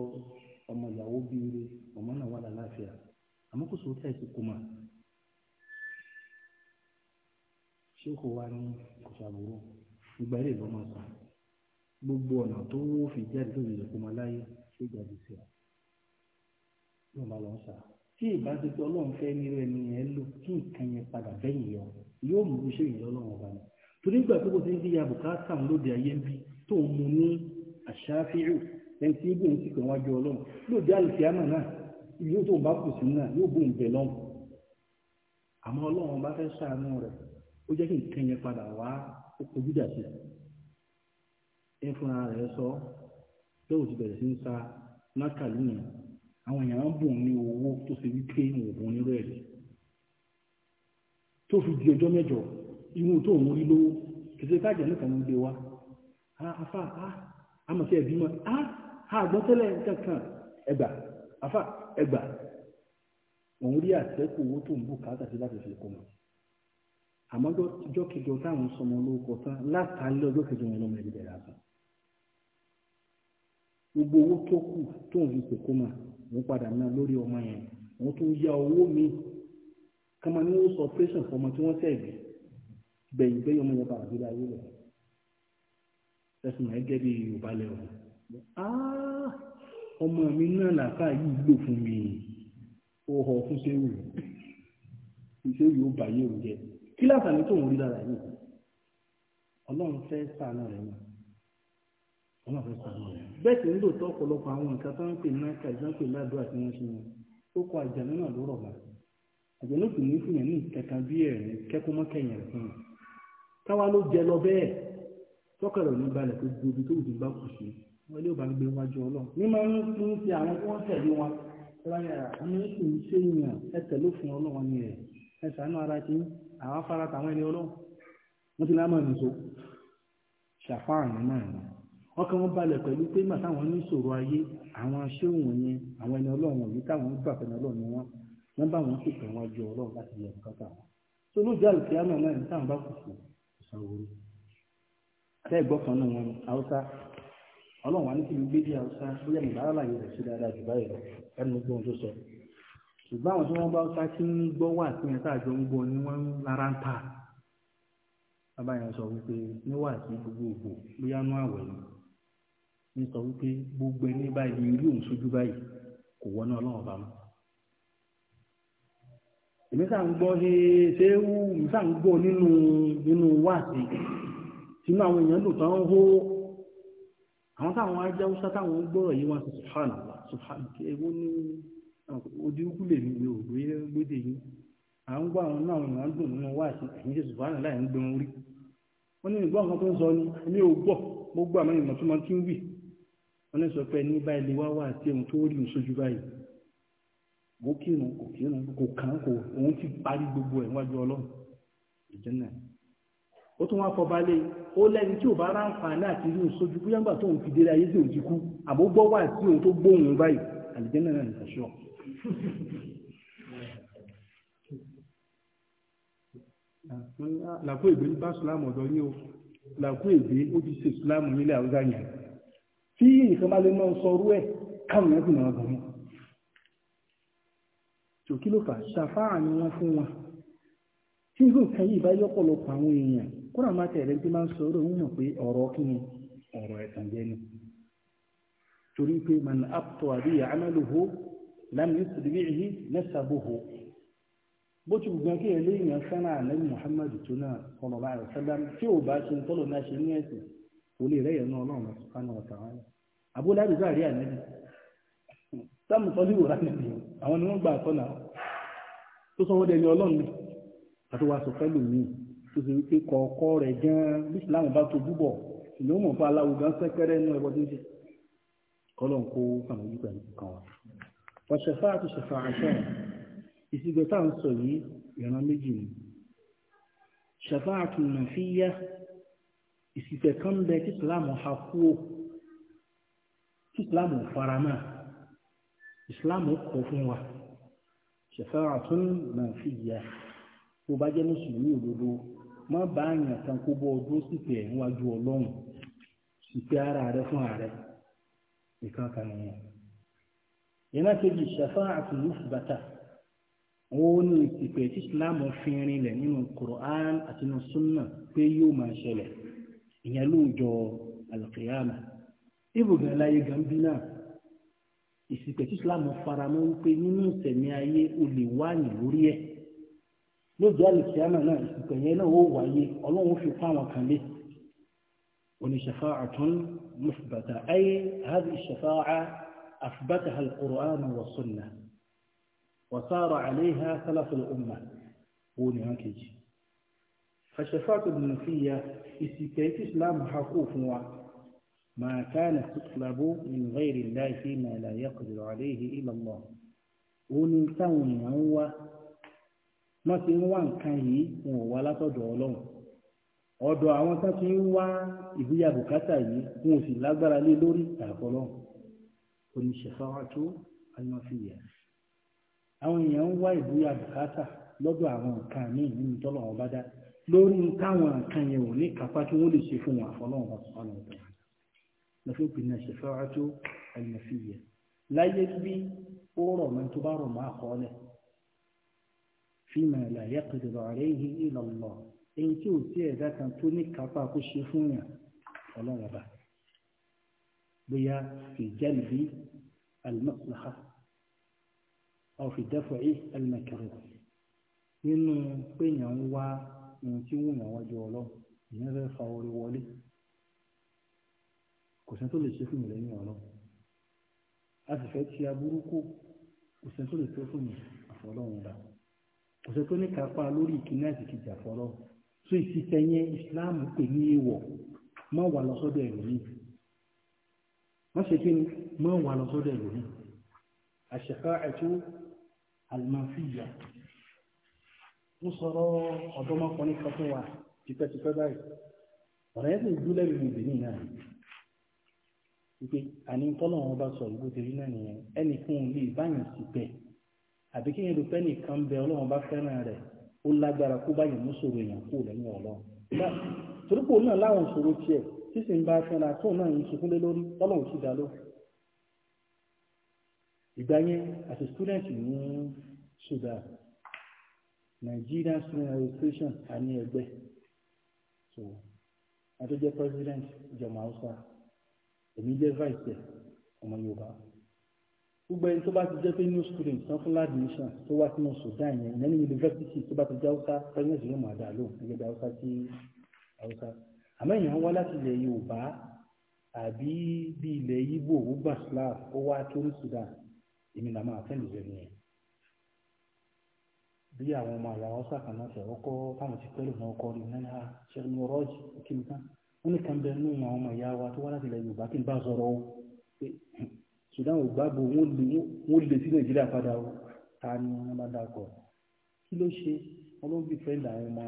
ọmọ ìyàwó bíire ọmọ náà wà lálàáfíà àmọ́ kò sódò táì sùkú mọ ṣé kò ní kò ìgbà yìí lọ́mọ sàn gbogbo ọ̀nà tó wó fi jáde lórí ìyẹ̀kùn ọmọláyé ṣé jáde sí ọ ní ọba lọ sá tí ìbáṣepọ̀ ọlọ́run fẹ́ nírú ẹni yẹn lò kí nǹkan yẹn padà bẹ́yìn yọ yóò mú iṣẹ́ yẹn lọ́lọ́run ọba ni torí gbà pé kò sí ní abùkátà lóde ayé ń bí tó ń mu ní àṣàfihù ẹni tí ibùn ti pè wájú ọlọ́run lóde àlùfíàmà náà ìlú tó ń bá kù sí náà yóò bùn bẹ̀ lọ́hùn àmọ́ ọlọ́run bá fẹ́ ṣàánú rẹ̀ ó jẹ́ kí nǹkan yẹn padà wá ojú sí ẹ fúnra rẹ̀ sọ lóòótọ́ bẹ̀rẹ̀ sí ń sa nákàlú yẹn àwọn èèyàn ń bùn ní owó tó ṣe wípé òògùn nírú ẹ̀ rí tó fi di ọjọ́ mẹ́jọ inú tó ń rí lówó kìtẹ́ káàjẹ́ nìkan ń gbé wa afa amọ̀tí ẹ̀bí mọ́ àgbọ́tẹ́lẹ̀ kankan ẹgbà afa ẹgbà òun rí àtẹ́kù owó tó ń bù káàtà sí láti fi kọ́ mọ́ àmọ́ ọjọ́ kejì ọ̀tá àwọn sọmọ olóko tán látàlẹ́ ọjọ́ kejì wọn lọ́mọ ẹ̀dẹ̀rẹ̀ àbá gbogbo owó tó kù tó ń fi kò kó máa wọ́n padà ná lórí ọmọ yẹn wọ́n tún yá owó mi kama ní wọ́n sọ operation fún ọmọ tí wọ́n sẹ́ẹ̀bì bẹ̀yìn bẹ́yìn ọmọ yẹn padà sílẹ̀ ayé rẹ̀ ẹ̀sùn ẹ̀gẹ́ bí yorùbá lẹ́wọ̀n ah! ọmọ mi náà làákà yìí lò fún mi ó họ fún sẹ́wù ìṣe yóò bàyẹ̀ òun jẹ kí láǹfààní tó ń rí lára yìí ọlọ́run fẹ́ sàánà rẹ̀ náà bẹ́ẹ̀ sì ń lò tó ọ̀pọ̀lọpọ̀ àwọn nǹkan tó ń pè ní náà kàìsàn pè ládùúgbò àti wọn ṣe wọn ó kọ àjànú náà ló rọ̀ mọ́ àjànú kì ní fìyàn ní kẹta bí ẹ̀rín kẹ́kọ́ mọ́ kẹyìn rẹ̀ fún un káwa ló jẹ lọ bẹ́ẹ̀ tọ́kẹ̀rẹ̀ ní balẹ̀ tó gbòbi tó wùdí bá kù sí wọn lé òbá gbé wájú ọlọ́run ní máa ń fún ti àwọn tí wọ́n tẹ̀lé wọn ráyà àwọn ẹni ọlọ́run wọ́n ti ọkàn wọn balẹ̀ pẹ̀lú pé màá táwọn ní ìṣòro ayé àwọn aṣẹ́wọ̀n yẹn àwọn ẹni ọlọ́run yìí táwọn ń gbà pẹ̀lú ọlọ́run ni wọ́n wọ́n bá wọn pèsè àwọn ọjọ́ ọlọ́run láti yẹ nǹkan tà wọ́n. tó ló jẹ́ àlùkí àmọ́ náà ní táwọn bá kù sí ìṣàwòrán. àtẹ́ ìgbọ́ kan náà wọn haúsá ọlọ́run wa ní kí gbé dé haúsá bóyá mi bàrà láàyè rẹ̀ sí dáadáa jù báyìí lọ ẹnu gbóhun tó sọ. ṣùgbọ́n àwọn tí wọ́n bá ń wípé gbogbo ẹni báyìí rí òun sójú báyìí kò wọ́n náà lọ́wọ́ bá èmi sáà gbọ́ ṣe ṣé wú mi sáà gbọ́ nínú nínú wáàsí sínú àwọn èèyàn lò tán hó àwọn táwọn ajáwúsá táwọn gbọ́rọ̀ yìí wọ́n ti subhanallah subhanallah ewu ní ojú ikú mi ò gbé gbédè yìí à gbọ́ àwọn náà wọ́n dùn nínú wáàsí ẹ̀yìn ṣe subhanallah ń gbẹ̀rún rí wọ́n ní ìgbọ́ nǹkan tó ń sọ ni mi ò gbọ́ mo àmọ́ ìmọ̀túnmọ́ tí ń wì wọ́n lè sọ pé ní báyìí lè wá wà sí ohun tó rí ìṣojú báyìí kò kírun kò kírun kò kàn kò òun ti parí gbogbo ẹ̀ wájú ọlọ́run ìjẹ́nà ó tún wá fọba lé ó lẹ́ni tí ò bá ráǹfààní àti rí ìṣojú bóyá nígbà tó òun ti délé ayé tí òun ti kú àmọ́ gbọ́ wà sí ohun tó gbóhùn báyìí àlìjẹ́nà náà nìkan ṣọ́ làkó ìgbé bá sùlámù ọ̀dọ́ yín o làkó ìgbé ó ti ṣe sùlámù nílẹ̀ àwùjá yẹn tí nǹkan bá lè máa sọ orú ẹ̀ káwọn èèyàn gbìmọ̀ ọgbọ̀n tò kí ló fà ṣàfáà ni wọ́n fún wọn tí irú nǹkan yìí bá yọ́pọ̀lọpọ̀ àwọn èèyàn kúrò máa tẹ̀lé tí máa ń sọ orú wọn pé ọ̀rọ̀ kí ni ọ̀rọ̀ ẹ̀tàn jẹ́ ni torí pé man apto àbí amaluhu lam yusbihi nasabuhu bó ti gbọ́n kí ìyọnu ọlọ́run sùpánù ọ̀tà wọn àbúlá àdúrà rí ànẹ́bí sáàmù sọ ní ìwòrán nìbí àwọn ni wọ́n gbà àtọ́nà tó sọ wọ́n dẹni ọlọ́run ni àti wàá sọ fẹ́lú mi tó ṣe wípé kọ̀ọ̀kọ́ rẹ̀ gan bí ìsìláàmù bá tojú bọ̀ ìlú mọ̀ fún aláwo sẹ́kẹ́rẹ́ nú ẹbọ dídì kọ́lọ̀ kó sàmójú pẹ̀lú kan wa. wàṣẹfà àti ṣẹfà àṣẹ ìsìgbẹ́ta ń sọ yìí ìran méjì ni ṣẹfà àti nàfíyà ìsìsẹ́ kan bẹ tí islam ha kú o tí islam fara náà islam kọ fún wa ṣẹfẹ́ra tún náà fi yà tó bá jẹ́ mùsùlùmí òdodo má bá àyàn kan kó bọ́ ọdún sípè níwájú ọlọ́run sípè ara rẹ fún ààrẹ nìkan kan nìyẹn yẹn náà kejì ṣẹfẹ́ra àti lùfùbátà wọ́n ní ìsìpè tí islam fi rinlẹ̀ nínú Qur'an àti nínú sunna pé yóò máa ṣẹlẹ̀ ìyẹn lóòjọ́ alùkìyàmà ibùgbé aláyé gambi náà ìsìnkẹ̀tì islam faramọ́ wípé nínú ìsẹ̀mí ayé o lè wáyìn lórí ẹ̀ lóòjọ́ alùkìyàmà náà ìsìnkẹ̀ yẹn náà ó wáyé ọlọ́run fi pa àwọn kan lé oníṣẹ̀fà àtún mùsùlùmí ayé hàbí ìṣẹ̀fà àfibàtà al-Qur'an wa sunnah wa sara alayha salaful ummah ni wọn kejì àṣẹfàtò nàfíyà ìsìkẹ́ tí islam ha kó fún wa máa kánà tìtìlábó min ghairi llahi ma la yaqdiru alayhi illa Allah ó ní táwọn èèyàn ń wá wọ́n ti ń wá nǹkan yìí wọn ò wá látọ̀dọ̀ ọlọ́run ọ̀dọ̀ àwọn tó ti ń wá ìbúyà bùkátà yìí wọn ò sì lágbára lé lórí àfọlọ́run oníṣẹ́fáwátó ayọ́fìyà àwọn èèyàn ń wá ìbúyà bùkátà lọ́dọ̀ àwọn nǹkan míì nínú tọ́lọ̀ wọn bá dá lórí táwọn nǹkan yẹn ò ní kápá tí wọ́n lè ṣe fún wọn àfọlọ́wọn bá sọ́nà ọ̀tọ̀ lọ́fẹ́ òpin náà ṣèfáwátó àyànfìyẹ láyé bí ó rọ̀ mọ́ tó bá rọ̀ mọ́ àkọọ́lẹ̀ fíìmà ìlàyé kìdìrọ̀ rẹ̀ yìí ìlọ̀lọ̀ èyí tí ò sí ẹ̀dá kan tó ní kápá kó ṣe fún yàn ọlọ́wọ́n bá bóyá ìjẹ́lìbí المصلحة أو في دفع المكروه nínú péyàn ń wá ohun tí wù yàn wájú ọlọ́run ìyẹn fẹ́ fa orí wọlé kò sẹ́ni tó lè ṣe fún mi lẹ́yìn ọlọ́run a sì fẹ́ ti aburú kù kò sẹ́ni tó lè tó fún mi àfọlọ́run dà kò sẹ́ni tó ní kápá lórí ìkíní àti ìkejì àfọlọ́run tó ìsísẹ́ yẹn Islam pè ní èèwọ̀ má wà lọ́sọ́dọ̀ ẹ̀lòmíì má ṣe kí ni má wà lọ́sọ́dọ̀ ẹ̀lòmíì àṣẹfà ẹ̀tọ́ àlùmáfíà ń sọ̀rọ̀ ọ̀dọ́mọkùnrin kan fún wa tipẹ́tipẹ́ báyìí ọ̀rọ̀ yẹn sì ń dúlẹ̀ lórí ìbìnrin náà wípé àní tọ́lọ̀ wọn bá sọ ìgbó tèmi náà nìyẹn ẹnì fún un bíi báyìí sì bẹ̀ àbí kí yẹn lupẹ́ nìkan bẹ ọlọ́run bá fẹ́ràn rẹ̀ ó lágbára kó báyìí mú sòrò èèyàn kú lẹ́yìn ọlọ́run torípò náà láwọn sòrò tiẹ̀ tí sì ń bá fẹ́ràn àtúntò náà ń sunkún lé lórí tọ́lọ̀ wọn sì dá lóhùn ìgbà yẹn àti student ní Sudan Nigerian Student Association àní ẹgbẹ́ so àtọ́jẹ́ president ìjọba Hausa èmi jẹ́ vice ẹ̀ ọmọ Yorùbá gbogbo ẹni tó bá ti jẹ́ pé new student san fún admission tó wá sínú Sudan yẹn ìnáni yunifásitì tó bá ti jẹ́ Hausa president yóò mọ̀ àdá lóhùn gẹ́gẹ́ bí Hausa sí Hausa àmọ́ èèyàn wá láti ilẹ̀ Yorùbá àbí bí ilẹ̀ Igbo ó gbà Slav ó wá torí Sudan èmi làwọn àfẹ́ǹdì rẹ̀ nìyẹn bí àwọn ọmọ àyà ọsà kan náà tẹ̀wọ́ kọ́ táwọn ti pẹ́lú náà kọ́ rí náà ṣe ní ah, rọ́ọ̀jì kí n tán wọ́n ní kan bẹ nínú àwọn ọmọ ìyá wa tó wá láti ilẹ̀ Yorùbá kí n bá sọ̀rọ̀ o Sudan ò gbàgbọ́ wọ́n lè sí Nàìjíríà padà o ta ni wọ́n bá dákọ̀ kí ló ṣe wọ́n ló ń bí fẹ́ǹdà àwọn ọmọ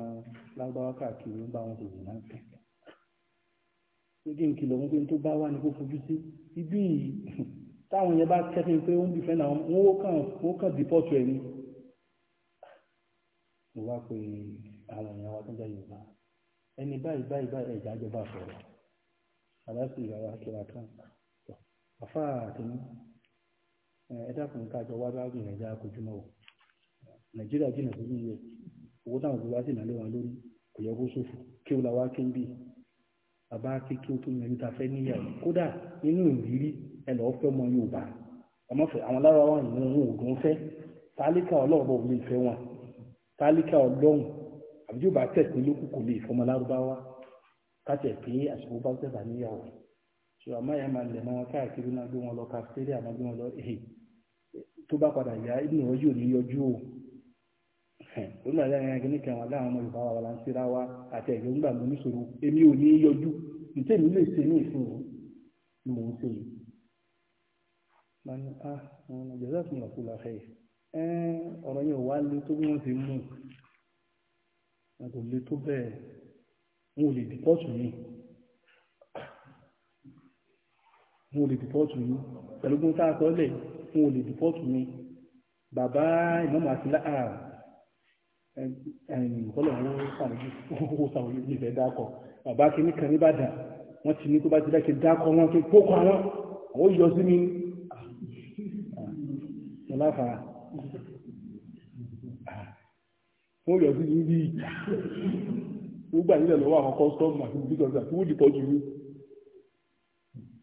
lágbáwá káàkiri ń bá wọn tòun náà tẹ̀ gbégbé nkìlọ̀ wọn pé tó bá wà ní kó fojú sí ibi táwọn yẹn bá kẹ́sìn mo wá pé àwọn èèyàn wa tó jẹ́ yorùbá ẹni báyìí báyìí báyìí ẹ̀já jọba sọ̀rọ̀ àbáṣe ìyàwó akẹ́wà kan àfa àtẹnu ẹ dákun kájọ wá bá gbìyànjú ẹja kojúmọ́ o nàìjíríà jìnnà sí yíyẹ owó táwọn òbí wá sì nálé wọn lórí kò yẹ kó ṣòfò kí ó la wá kí ń bì bàbá kí kí ó tó yẹn níta fẹ́ níyàwó kódà nínú ìrírí ẹ lọ́ọ́ fẹ́ mọ yorùbá ọmọ fẹ́ àwọn lára wọn ìmọ̀ òògùn fẹ́ tálíkà ọlọ́ọ̀bọ̀ òun ìfẹ́ wọn tálíkà ọlọ́run àbí yóò bá tẹ̀sí lókù kò lè fọmọ lárúbáwá káṣẹ̀ pé àsìkò bá tẹ̀sà níyàwó ṣò àmọ́ ìyá máa lẹ̀ mọ́ wọn káàkiri náà gbé wọn lọ kafetéríà máa gbé wọn lọ èhè eh, tó bá padà yá inú wọn yóò ní yọjú o ó náà yára yára kíní kan wà láwọn ọmọ Yorùbá wa là ń síra wa àti ẹ̀yọ́ ńgbà mọ́ níṣòro èmi ò ní yọjú ǹtẹ́ mi lè ṣe ní ìṣòro ni mò ń ṣe yìí. Eh, ọ̀rọ̀ yẹn ò wá le tó bí wọ́n ti mú wọn kò le tó bẹ́ẹ̀ wọn ò lè dìpọ́tù yìí wọn ò lè dìpọ́tù yìí pẹ̀lú gbọ́n tá a sọ lẹ̀ wọn ò lè dìpọ́tù mi bàbá ìmọ̀mọ̀ àti láà ẹ̀yìn kọ́lọ̀ wọn sàrẹ́jì owó sàrẹ́jì ní ìfẹ́ dákọ̀ bàbá kìíní kan ní Ìbàdàn wọ́n ti ní tó bá ti dákẹ́ dákọ̀ wọn kí pókò àwọn àwọn yọ sí mi. Mo láfa wọ́n yọ sí yín bí ìjà wọ́n gbà nílẹ̀ lọ́wọ́ àwọn kọ́sítọ́ọ̀mù àti bíkọ́sì àti wọ́n dìpọ́jù yín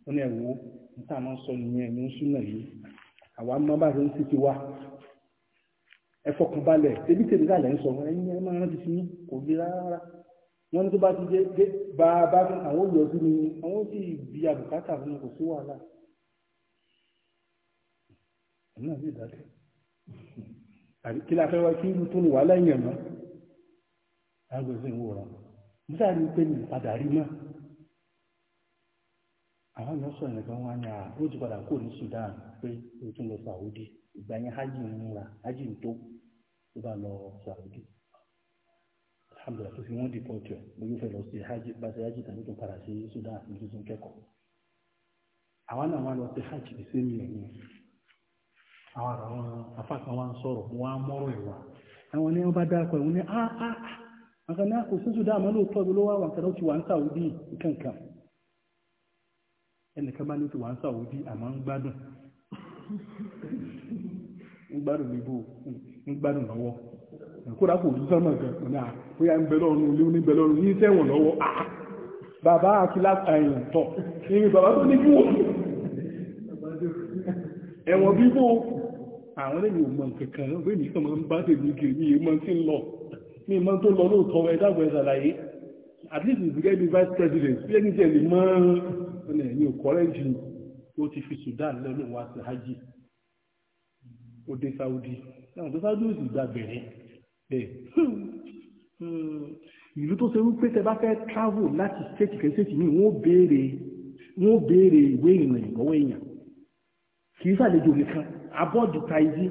wọ́n ní ẹ̀wọ́ níta máa ń sọ nìyẹn ẹ̀yìn súnà yìí àwa máa bá ṣe ń títí wá ẹ fọkànbalẹ̀ ebi tèmi kálẹ̀ ń sọ ẹ̀yìn ẹ̀ máa rántí sí yín kò le rárá wọ́n ní tó bá ti dé bá a bá fún àwọn yọ sí ni àwọn sì bí àbùkátà fún kò sí wàhálà ẹ̀yìn náà sì dákẹ́ àbí kí la fẹ́ wá kí irú tó ń wà lẹ́yìn ọ̀nà lágbo sí ìwòrán nígbà tí pé mi padà rí mọ́ àwọn yóò sọ ìrìnkan wá ní àá ó ti padà kó ní Sudan pé o tún lọ Saudi ìgbà yẹn hajj ń múra hajj ń tó tó bá lọ Saudi alhamdulilah tó fi wọ́n di pọ́ọ̀tù ẹ̀ mo yóò fẹ́ lọ sí hajj bá ṣe hajj tàbí tó padà sí Sudan ní tuntun kẹ́kọ̀ọ́ àwọn náà wá lọ sí hajj ìsinmi ẹ̀yìn àwọn àwọn afa kan wá ń sọ̀rọ̀ wọ́n á mọ́rọ̀ ìwà àwọn ní wọ́n bá dákọ̀ ìwọ́n ní áá nǹkan náà kò sísù dáàmọ́ lóòótọ́ ló wá wà ó ti wà ń Saudi nǹkankan ẹnìkan bá ní ti wà ń Saudi àmọ́ ń gbádùn ń gbádùn níbo ń gbádùn lọ́wọ́ kódà kò sísọ́ náà gan ọ̀nà ah, bóyá ń bẹ lọ́rùn ilé ń lọ́rùn ní sẹ́wọ̀n lọ́wọ́ ah, ah. bàbá akílá ẹ̀yìn tọ̀ ìrìn bàbá tó ní bú ẹ̀wọ̀n bíbó àwọn lẹ́yìn òmọ̀ kankan ló gbé nìkan máa ń bá tèmi gè mí tí ń lọ ní ìmọ̀ tó lọ lóòótọ́ ẹ dábọ̀ at least you get vice president bí ẹni jẹ́ lè mọ́ ọ̀nà ẹ̀yìn òkọ́rẹ́jì ó ti fi Sudan lẹ́nu wa sí hajj ó dé Saudi náà tó Saudi ó gba bẹ̀rẹ̀ bẹ́ẹ̀ hmm. ìlú tó ṣe wípé tẹ bá fẹ́ travel láti state kẹsẹ̀tì ní wọ́n béèrè ìwé ìrìn lọ́wọ́ èèyàn kì í ṣàlejò nìkan abọ́ọ̀dù taizí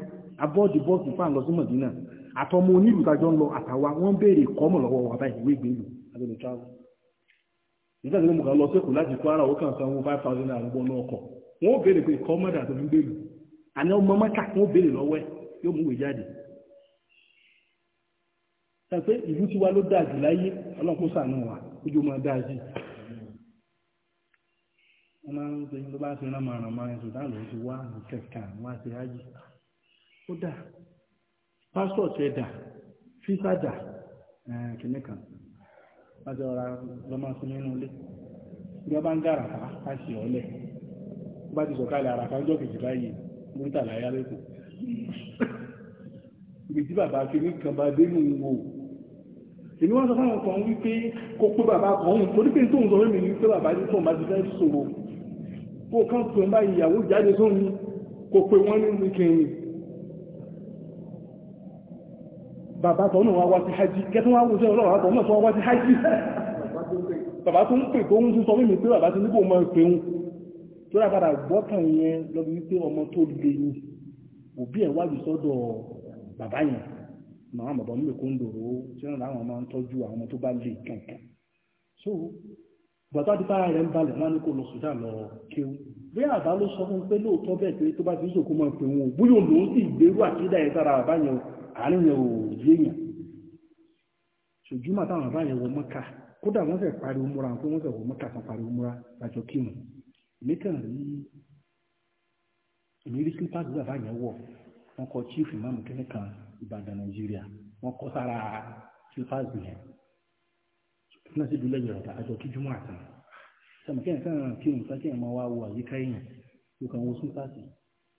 abọ́ọ̀dù bọ́ọ̀sì fún àlọ́ sí mọ̀dínà àtọmọ onílùtajọ́ ń lọ àtàwa wọ́n béèrè kọ́mọ̀ lọ́wọ́ wa báyìí ìwé ìgbélú adọ́nù travel nígbà tí mo kàn lọ sẹ́kù láti kó ara òkàn sanwó five thousand naira gbọ́ náà ọkọ̀ wọ́n béèrè pé kọ́mọ̀dà tó ń gbèlú àní ọmọ mẹ́ta wọ́n béèrè lọ́wọ́ ẹ̀ yóò mú ìwé jáde sọ pé ìlú tiwa ló dáa jù láyé ọlọ́kùnrin sànù wa ojú máa dáa jù wọ́n máa ń gbé ló bá fi rán màrán màrán Sudan ló ti wá kẹ̀kẹ́ àwọn àti ayé ó dà pásítọ̀tì ẹ̀ dà fífà dà kìnnì kan láti ọ̀rá lọ́mọ sí nínú ilé bí wọ́n bá ń gá àràfà á sì ọ́lẹ̀ ó bá ti sọ̀kalẹ̀ àràfà ọjọ́ kejì báyìí ló ń tà láyé alẹ́kùn ibi tí bàbá kìnnì kan bá dé nù wò èmi wọ́n sọ fún àwọn kan wípé kó pé bàbá kan òun torí pé tóun sọ fún mi ní pé bàbá ní tóun bá kó kán pè má ìyàwó jáde sóhun kò pè wọ́n ní ìkẹyìn bàbá tọ́ náà wá sí hajji kẹtún wá wùsẹ́ ọlọ́wà tọ́ náà wá sí hajji bàbá tó ń pè tó ń tún sọ mímí pé bàbá ti níbò mọ́ ìpéhun tó rà padà gbọ́kàn yẹn lọ́bí wípé ọmọ tó le ní so bàtà ti tára rẹ̀ ń balẹ̀ láni kò lọ sùdá lọ kéwú bí àbá ló sọ fún pé lóòótọ́ bẹ́ẹ̀ pé tó bá ti sòkó mọ́ pé wọn bóyá òun lòún sì gbérú àkídà ẹ̀ sára àbá yẹn àárín yẹn ò yéèyàn ṣùjúmọ̀ táwọn àbá yẹn wọ mọ́kà kódà wọ́n fẹ́ pariwo múra pé wọ́n fẹ́ wọ mọ́kà kan pariwo múra lájọ kírun èmi rí èmi rí slippers bí wọ̀ wọ́n kọ chief imam kẹ́kẹ́ kan Ìbàdàn Nàìjíríà wọ́n kọ sára slippers náà sì dúlẹ̀ yọ̀ọ̀ta àjọ kí júmọ́ àtàn sọmọ kí nǹkan ràn kí nǹkan kí ẹ̀mọ́ wa wo àyíká èèyàn tó kàn wo súnpàsì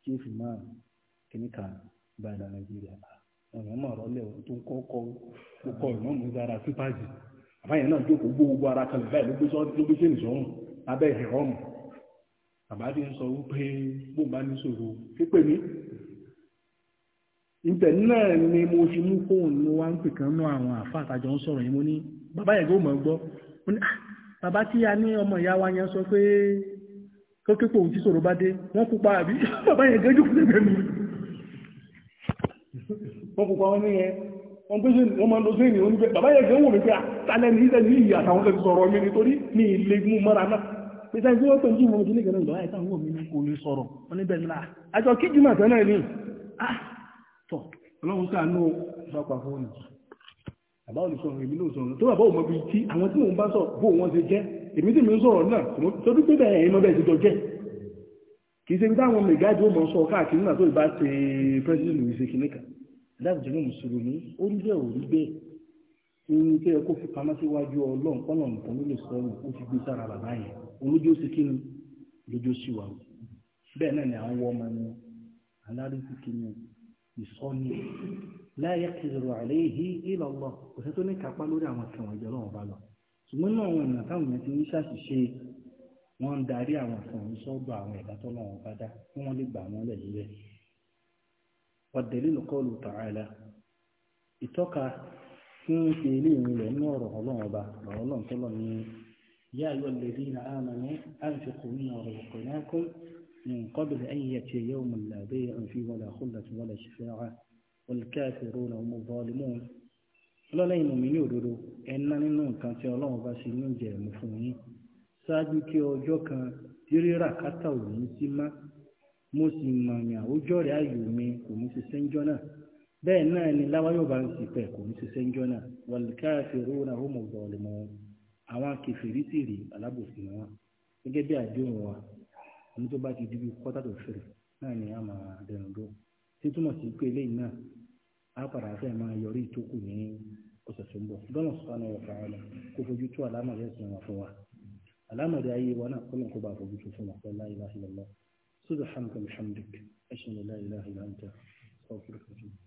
tí ó fi máa kìíní kan bá ẹ̀dá nàìjíríà àwọn èèyàn máa rọlẹ̀ tó ń kọ́ kọ́ ó kọ́ ìmọ̀ mú dára súnpàsì àbáyẹn náà jókòó gbó gbogbo ara kalẹ̀ báyìí ló gbé sẹ́yìn sọ́run abẹ́ ìrọ́mù bàbá ti ń sọ wípé bó bá ní sòrò pípé mi ìtẹ̀ náà ni mo fi mú fóònù wa ń pè kan náà àwọn àfa àtàjọ ń sọ̀rọ̀ yìí mo ní bàbá yẹn kò mọ̀ gbọ́ ah, bàbá tí a ní ọmọ ìyá wa yẹn sọ pé kóképò òun tí sọ̀rọ̀ bá dé wọ́n kópa àbí bàbá yẹn gẹ́jú fún ẹgbẹ́ mi wọ́n kópa wọn níyẹn wọ́n gbé sẹ́ni wọ́n máa lọ sẹ́ni wọn níbẹ̀ bàbá yẹn gẹ́wò mi pé àtàlẹ́ ní ilẹ̀ ní ìyá àtàwọn tẹ̀sí sọ̀rọ̀ mi nítorí ní ilé mú mọ́ra náà pé sáyẹn tí wọ́n pè ń jí wọn kí nígbà náà lọ́wọ́ àìsàn wọ̀ mí ní kò lè sọ̀rọ̀ wọn níbẹ̀ nílà ah, àjọ kíjì mà tẹ́lẹ̀ ní ah tọ̀ ọlọ́run sáà nù bá pa fóònù àbá ò lè sọ̀rọ̀ èmi ló sọ̀rọ̀ tó bàbá òmọbi tí àwọn tí òun bá sọ bó wọn ti jẹ́ èmi tí mi ń sọ̀rọ̀ náà torí pé bẹ́ẹ̀ ẹ̀yin lọ́bẹ̀ ìtijọ́ jẹ́ kì í ṣe ibi táwọn mẹ̀gáàdì ó mọ̀ sọ káàkiri náà tó ìbá ṣe president louis kìnìkà dáàbòjẹ́ ní mùsùlùmí ó ń bẹ́ẹ̀ ò rí bẹ́ẹ̀ ohun tó yẹ kó fi pamọ́ síwájú ọlọ́run kọ́nà nǹkan ló lè sọ ọ́ ó ti gbé sára bàbá yẹn olójú ó sì kí ni lójú ó sì wà ó bẹ́ẹ̀ náà láyé kìrò àlẹ́ yìí ìlọ lọ kò sí tó ní kápá lórí àwọn kan wọ̀nyí ọlọ́run bá lọ ṣùgbọ́n náà àwọn èèyàn táwọn èèyàn ti ń ṣàṣìṣe wọ́n ń darí àwọn kan wọ̀nyí sọ́dọ̀ àwọn ẹ̀dá tó lọ́wọ́ bá dá kí wọ́n lè gbà wọ́n lẹ̀ nílẹ̀. ọ̀dẹ̀lẹ́ lọ́kọ́ lù tààlà ìtọ́ka fún ti ilé ìrìnlẹ̀ ní ọ̀rọ̀ ọlọ́run ọba ọlọ́run tó lọ والكافرون هم الظالمون ọlọ́lẹ́ ìmọ̀mí ní òdodo ẹ̀ná nínú nǹkan tí ọlọ́run bá ṣe ní ìjẹ̀mú fún yín ṣáájú kí ọjọ́ kan tí rírà kátà ò ní sí má mo sì mọ̀yàn ayò mi kò ní ṣiṣẹ́ ń jọ́nà bẹ́ẹ̀ náà ni láwáyọ̀ bá ń sì pẹ̀ kò ní ṣiṣẹ́ ń jọ́nà àwọn akẹfẹ̀rí sì rí alábòsí wọn gẹ́gẹ́ bí àdéhùn wa tó bá ti náà ni a máa ṣé túmọ̀ sí pé eléyìí náà á padà fẹ́ máa yọrí ìtókù ní ọ̀sẹ̀ tó ń bọ̀ bọ́lá sọ́nà wọ̀ fún wa kó fojú tó àlámọ̀lẹ́ sùn wọn fún wa àlámọ̀lẹ́ ayé wa náà kọ́nà kó bá fojú tó fún wa pẹ̀lú láyé láti lọ́lọ́ subhanaka wa bihamdik ashhadu an la ilaha illa anta astaghfiruka wa atubu